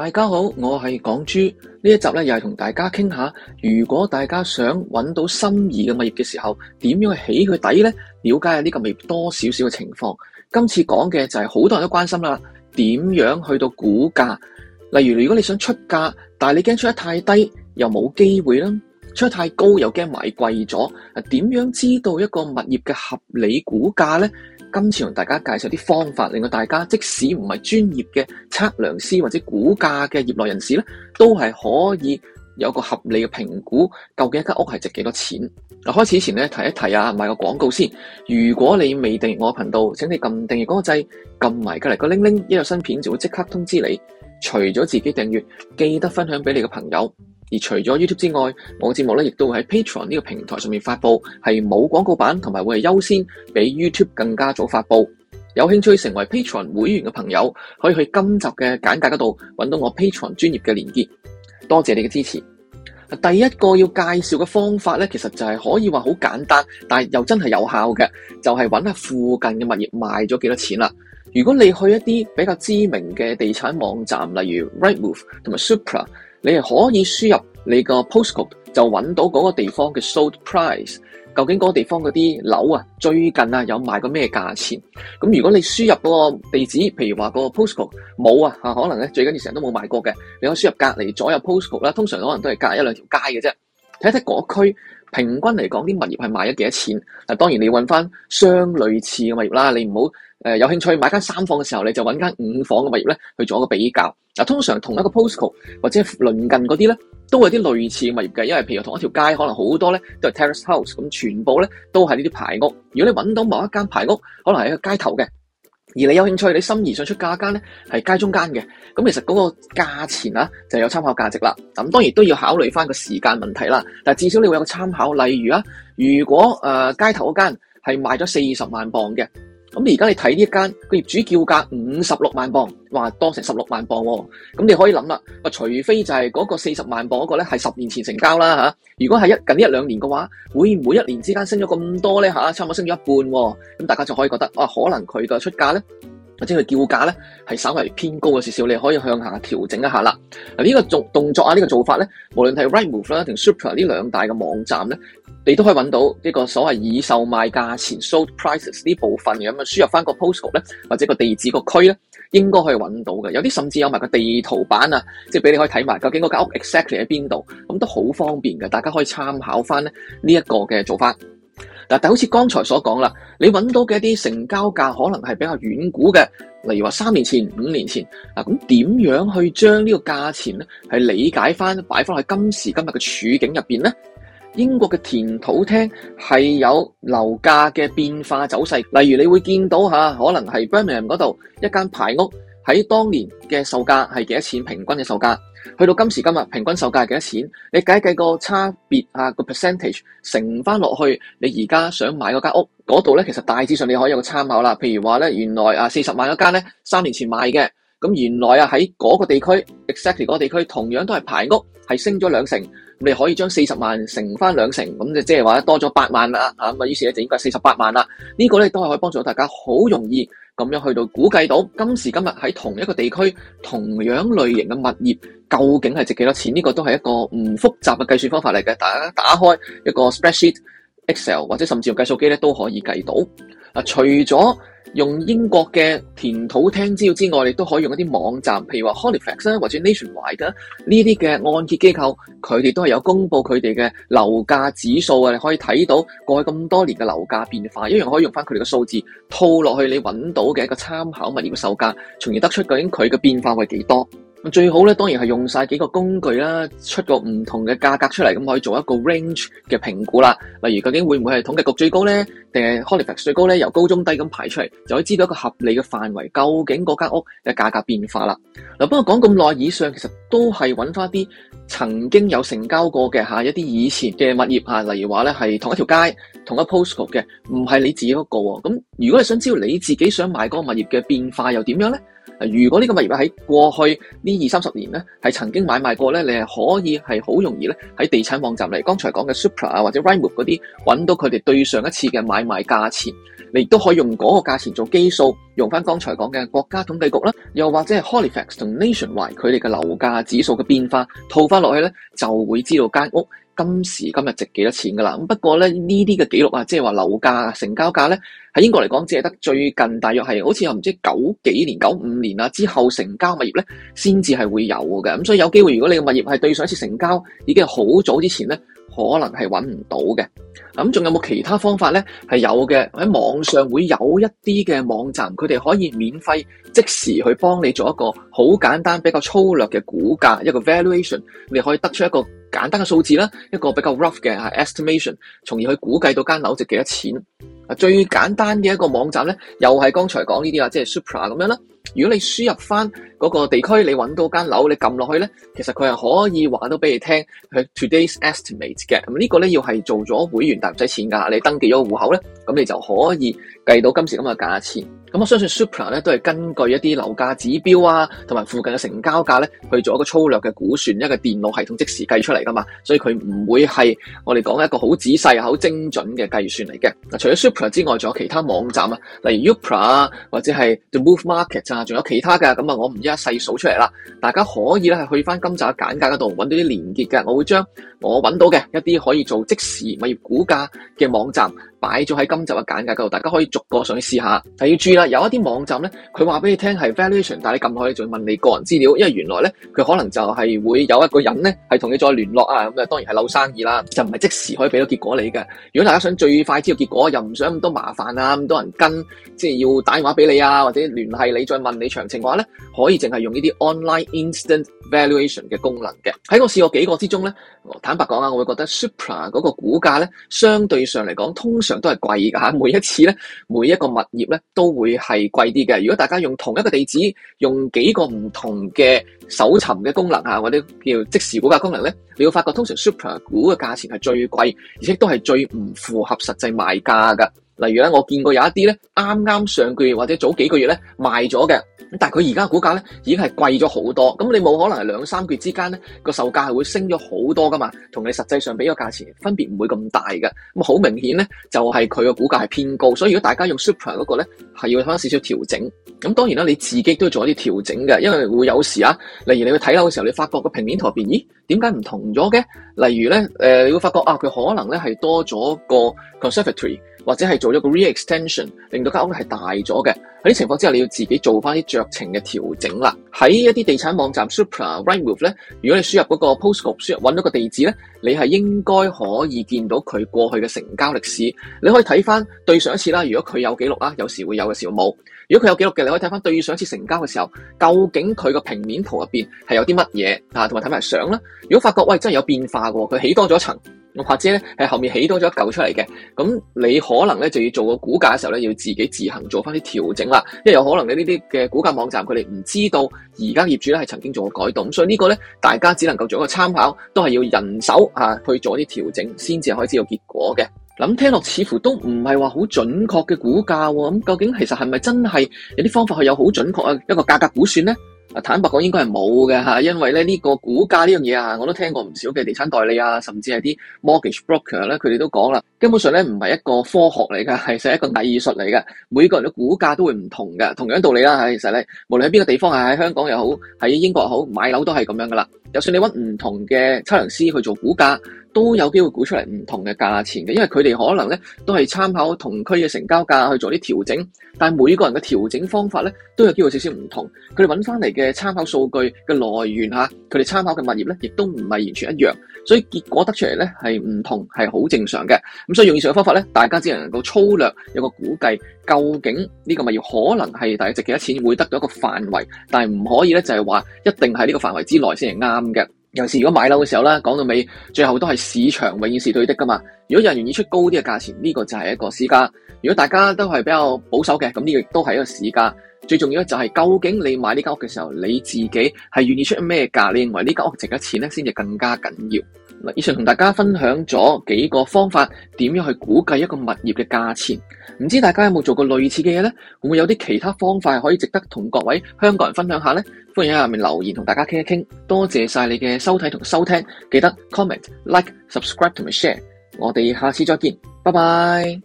大家好，我係港豬。呢一集咧，又係同大家傾下，如果大家想揾到心儀嘅物業嘅時候，點樣去起佢底呢？了解下呢個物業多少少嘅情況。今次講嘅就係、是、好多人都關心啦，點樣去到估價？例如，如果你想出價，但係你驚出得太低又冇機會啦，出太高又驚買貴咗，點樣知道一個物業嘅合理估價呢？今次同大家介紹啲方法，令到大家即使唔係專業嘅測量師或者估價嘅業內人士咧，都係可以有個合理嘅評估，究竟一間屋係值幾多錢。開始前咧，提一提啊，賣個廣告先。如果你未訂閱我頻道，請你撳訂閱嗰個掣，撳埋隔離個鈴鈴，一有新片就會即刻通知你。除咗自己訂閱，記得分享俾你嘅朋友。而除咗 YouTube 之外，我嘅節目咧亦都會喺 Patreon 呢個平台上面發佈，係冇廣告版，同埋會係優先比 YouTube 更加早發布。有興趣成為 Patreon 會員嘅朋友，可以去今集嘅簡介嗰度搵到我 Patreon 專業嘅連結。多謝你嘅支持。第一個要介紹嘅方法咧，其實就係可以話好簡單，但係又真係有效嘅，就係搵下附近嘅物業賣咗幾多錢啦。如果你去一啲比較知名嘅地產網站，例如 Rightmove 同埋 Zoopla。你係可以輸入你個 postcode 就揾到嗰個地方嘅 sold price，究竟嗰個地方嗰啲樓啊最近啊有賣過咩價錢？咁如果你輸入嗰個地址，譬如話個 postcode 冇啊吓可能咧最緊要成日都冇賣過嘅，你可以輸入隔離左右 postcode 啦，通常可能都係隔一兩條街嘅啫。睇睇各區平均嚟講啲物業係賣咗幾多錢？嗱，當然你要揾翻相類似嘅物業啦。你唔好有興趣買間三房嘅時候，你就搵間五房嘅物業呢去做一個比較。通常同一個 postcode 或者鄰近嗰啲呢，都會有啲類似嘅物業嘅。因為譬如同一條街可能好多呢都係 terrace house，咁全部呢都係呢啲排屋。如果你搵到某一間排屋，可能係喺街頭嘅。而你有興趣，你心儀想出價間咧，係街中間嘅，咁其實嗰個價錢啊就有參考價值啦。咁當然都要考慮翻個時間問題啦。但至少你會有個參考，例如啊，如果誒、呃、街頭嗰間係賣咗四十萬磅嘅。咁而家你睇呢間個業主叫價五十六萬磅，話多成十六萬磅喎。咁你可以諗啦，除非就係嗰個四十萬磅嗰個咧，係十年前成交啦吓，如果係一近一兩年嘅話，會唔會一年之間升咗咁多咧吓？差唔多升咗一半喎。咁大家就可以覺得，啊，可能佢嘅出價咧？或者佢叫價咧係稍微偏高咗少少，你可以向下調整一下啦。嗱，呢個做動作啊，呢、呢個做法咧，無論係 Rightmove 啦，定 Zoopla 呢兩大嘅網站咧，你都可以揾到呢個所謂已售賣價錢 （sold prices） 呢部分咁樣，輸入翻個 postcode 咧，或者個地址個區咧，應該可以揾到嘅。有啲甚至有埋個地圖版啊，即係俾你可以睇埋究竟嗰間屋 exactly 喺邊度，咁都好方便嘅。大家可以參考翻咧呢一個嘅做法。嗱，就好似剛才所講啦，你揾到嘅一啲成交價可能係比較遠古嘅，例如話三年前、五年前啊。咁點樣去將呢個價錢咧係理解翻擺翻喺今時今日嘅處境入面咧？英國嘅田土廳係有樓價嘅變化走勢，例如你會見到嚇，可能係 Birmingham 嗰度一間排屋喺當年嘅售價係幾多錢平均嘅售價？去到今時今日，平均售價係幾多錢？你計一計個差別啊，個 percentage 乘翻落去，你而家想買嗰間屋嗰度咧，其實大致上你可以有個參考啦。譬如話咧，原來啊四十萬嗰間咧，三年前買嘅。咁原來啊喺嗰個地區，exactly 嗰個地區同樣都係排屋，係升咗兩成。你可以將四十萬乘翻兩成，咁就即係話多咗八萬啦，嚇咁啊！於是咧就應該係四十八萬啦。呢個咧都係可以幫助大家，好容易咁樣去到估計到今時今日喺同一個地區同樣類型嘅物業究竟係值幾多錢。呢個都係一個唔複雜嘅計算方法嚟嘅。大家打開一個 spreadsheet Excel 或者甚至用計數機咧都可以計到。啊，除咗用英國嘅田土廳資料之外，你都可以用一啲網站，譬如話 Halifax 或者 Nationwide 呢啲嘅按揭機構，佢哋都係有公布佢哋嘅樓價指數啊，你可以睇到過去咁多年嘅樓價變化，一樣可以用翻佢哋嘅數字套落去，你揾到嘅一個參考物業嘅售價，從而得出究竟佢嘅變化會幾多。最好咧，當然係用晒幾個工具啦，出個唔同嘅價格出嚟，咁可以做一個 range 嘅評估啦。例如究竟會唔會係統計局最高咧，定係 Halifax 最高咧？由高中低咁排出嚟，就可以知道一個合理嘅範圍，究竟嗰間屋嘅價格變化啦。嗱、啊，不過講咁耐，以上其實都係揾翻一啲曾經有成交過嘅吓，一啲以前嘅物業吓，例如話咧係同一條街，同一 postcode 嘅，唔係你自己嗰、嗰個。咁如果你想知道你自己想買嗰個物業嘅變化又點樣咧？如果呢個物業喺過去呢二三十年咧，係曾經買賣過咧，你係可以係好容易咧喺地產網站嚟，剛才講嘅 Zoopla 啊，或者 Rightmove 嗰啲，揾到佢哋對上一次嘅買賣價錢，你亦都可以用嗰個價錢做基數，用翻剛才講嘅國家統計局啦，又或者係 Halifax 同 Nationwide 佢哋嘅樓價指數嘅變化套翻落去咧，就會知道間屋今時今日值幾多錢㗎啦？咁不過咧，呢啲嘅記錄啊，即係話樓價啊、成交價咧，喺英國嚟講，只係得最近大約係好似又唔知九幾年、九五年啊之後成交物業咧，先至係會有嘅。咁所以有機會，如果你嘅物業係對上一次成交已經係好早之前咧，可能係揾唔到嘅。咁仲有冇其他方法咧？係有嘅，喺網上會有一啲嘅網站，佢哋可以免費即時去幫你做一個好簡單比較粗略嘅估價，一個 valuation，你可以得出一個簡單嘅數字啦，一個比較 rough 嘅 estimation，從而去估計到間樓值幾多錢。啊，最簡單嘅一個網站咧，又係剛才講呢啲啊，即係 Zoopla 咁樣啦。如果你輸入翻嗰個地區，你揾到間樓，你撳落去咧，其實佢係可以話到俾你聽，佢 today's estimate 嘅。咁、這個、呢個咧要係做咗會。完，但唔使錢噶，你登記咗戶口咧，咁你就可以計到今時咁嘅價錢。咁我相信 Zoopla 咧都係根據一啲樓價指標啊，同埋附近嘅成交價咧去做一個粗略嘅估算，一個電腦系統即時計出嚟噶嘛。所以佢唔會係我哋講一個好仔細、好精準嘅計算嚟嘅。除咗 Zoopla 之外，仲有其他網站啊，例如 Yopa 啊，或者係 The Move Market 啊，仲有其他嘅。咁啊，我唔一一細數出嚟啦。大家可以咧去翻今集簡介嗰度揾到啲連結嘅。我會將我揾到嘅一啲可以做即時物業估價嘅網站，擺咗喺今集嘅簡介度，大家可以逐個上去試下。但要注意啦，有一啲網站咧，佢話俾你聽係 valuation，但你撳可以仲要問你個人資料，因為原來咧佢可能就係會有一個人咧係同你再聯絡啊，咁啊當然係漏生意啦，就唔係即時可以俾到結果你嘅。如果大家想最快知道結果，又唔想咁多麻煩啊，咁多人跟，即係要打電話俾你啊，或者聯繫你再問你詳情嘅話咧，可以淨係用呢啲 online instant valuation 嘅功能嘅。喺我試過幾個之中咧，坦白講啊，我會覺得 Zoopla 嗰個估價咧，相對上嚟講，通常。通常都係貴噶吓，每一次咧，每一個物業咧，都會係貴啲嘅。如果大家用同一個地址，用幾個唔同嘅搜尋嘅功能吓，或者叫即時估價功能咧，你會發覺通常 super 股嘅價錢係最貴，而且都係最唔符合實際賣價噶。例如咧，我見過有一啲咧，啱啱上個月或者早幾個月咧賣咗嘅，咁但係佢而家嘅股價咧已經係貴咗好多。咁你冇可能係兩三個月之間咧個售價係會升咗好多噶嘛？同你實際上俾個價錢分別唔會咁大嘅，咁好明顯咧，就係佢個股價係偏高。所以如果大家用 super 嗰個咧係要翻少少調整。咁，當然啦，你自己都要做一啲調整嘅，因為會有時啊，例如你去睇樓嘅時候，你發覺個平面圖入邊，咦點解唔同咗嘅？例如咧，你會發覺、呃、會發覺啊，佢可能咧係多咗個 conservatory。或者係做咗個 re-extension，令到間屋係大咗嘅。喺啲情況之下，你要自己做翻啲酌情嘅調整啦。喺一啲地產網站 Zoopla、Rightmove 咧，如果你輸入嗰個 postcode 輸入搵到個地址咧，你係應該可以見到佢過去嘅成交歷史。你可以睇翻對上一次啦，如果佢有記錄啦，有時會有嘅，時冇。如果佢有記錄嘅，你可以睇翻對上一次成交嘅時候，究竟佢個平面圖入面係有啲乜嘢啊？同埋睇埋相啦。如果發覺喂，真係有變化喎，佢起多咗層，或者咧係後面起多咗一舊出嚟嘅，咁你可能咧就要做個估價嘅時候咧，要自己自行做翻啲調整啦，因為有可能你呢啲嘅估價網站佢哋唔知道而家業主咧係曾經做過改動，所以個呢個咧大家只能夠做一個參考，都係要人手啊去做啲調整先至可以知道結果嘅。諗聽落似乎都唔係話好準確嘅估價喎，咁究竟其實係咪真係有啲方法係有好準確嘅一個價格估算咧？坦白講，應該係冇嘅吓，因為咧呢個估價呢樣嘢啊，我都聽過唔少嘅地產代理啊，甚至係啲 mortgage broker 咧，佢哋都講啦，根本上咧唔係一個科學嚟嘅，係實係一個藝術嚟嘅。每個人嘅估價都會唔同嘅，同樣道理啦吓。其實咧，無論喺邊個地方啊，喺香港又好，喺英國又好，買樓都係咁樣噶啦。就算你揾唔同嘅測量師去做估價。都有機會估出嚟唔同嘅價錢嘅，因為佢哋可能咧都係參考同區嘅成交價去做啲調整，但係每個人嘅調整方法咧都有機會少少唔同，佢哋揾翻嚟嘅參考數據嘅來源嚇，佢哋參考嘅物業咧亦都唔係完全一樣，所以結果得出嚟咧係唔同係好正常嘅。咁所以用以上嘅方法咧，大家只能夠粗略有個估計，究竟呢個物業可能係大約值幾多錢，會得到一個範圍，但係唔可以咧就係話一定喺呢個範圍之內先係啱嘅。有時如果買樓嘅時候咧，講到尾，最後都是市場永遠是對的㗎嘛。如果有人願意出高啲嘅價錢，呢、呢個就係一個市價。如果大家都係比較保守嘅，咁呢個都係一個市價。最重要咧就係、是、究竟你買呢間屋嘅時候，你自己係願意出咩價？你認為呢間屋值幾多錢呢先至更加緊要。嗱，以上同大家分享咗幾個方法，點樣去估計一個物業嘅價錢？唔知大家有冇做過類似嘅嘢呢？會唔會有啲其他方法係可以值得同各位香港人分享下呢？歡迎喺下面留言同大家傾一傾。多謝晒你嘅收睇同收聽，記得 comment、like、subscribe 同 share。我哋下次再見，拜拜。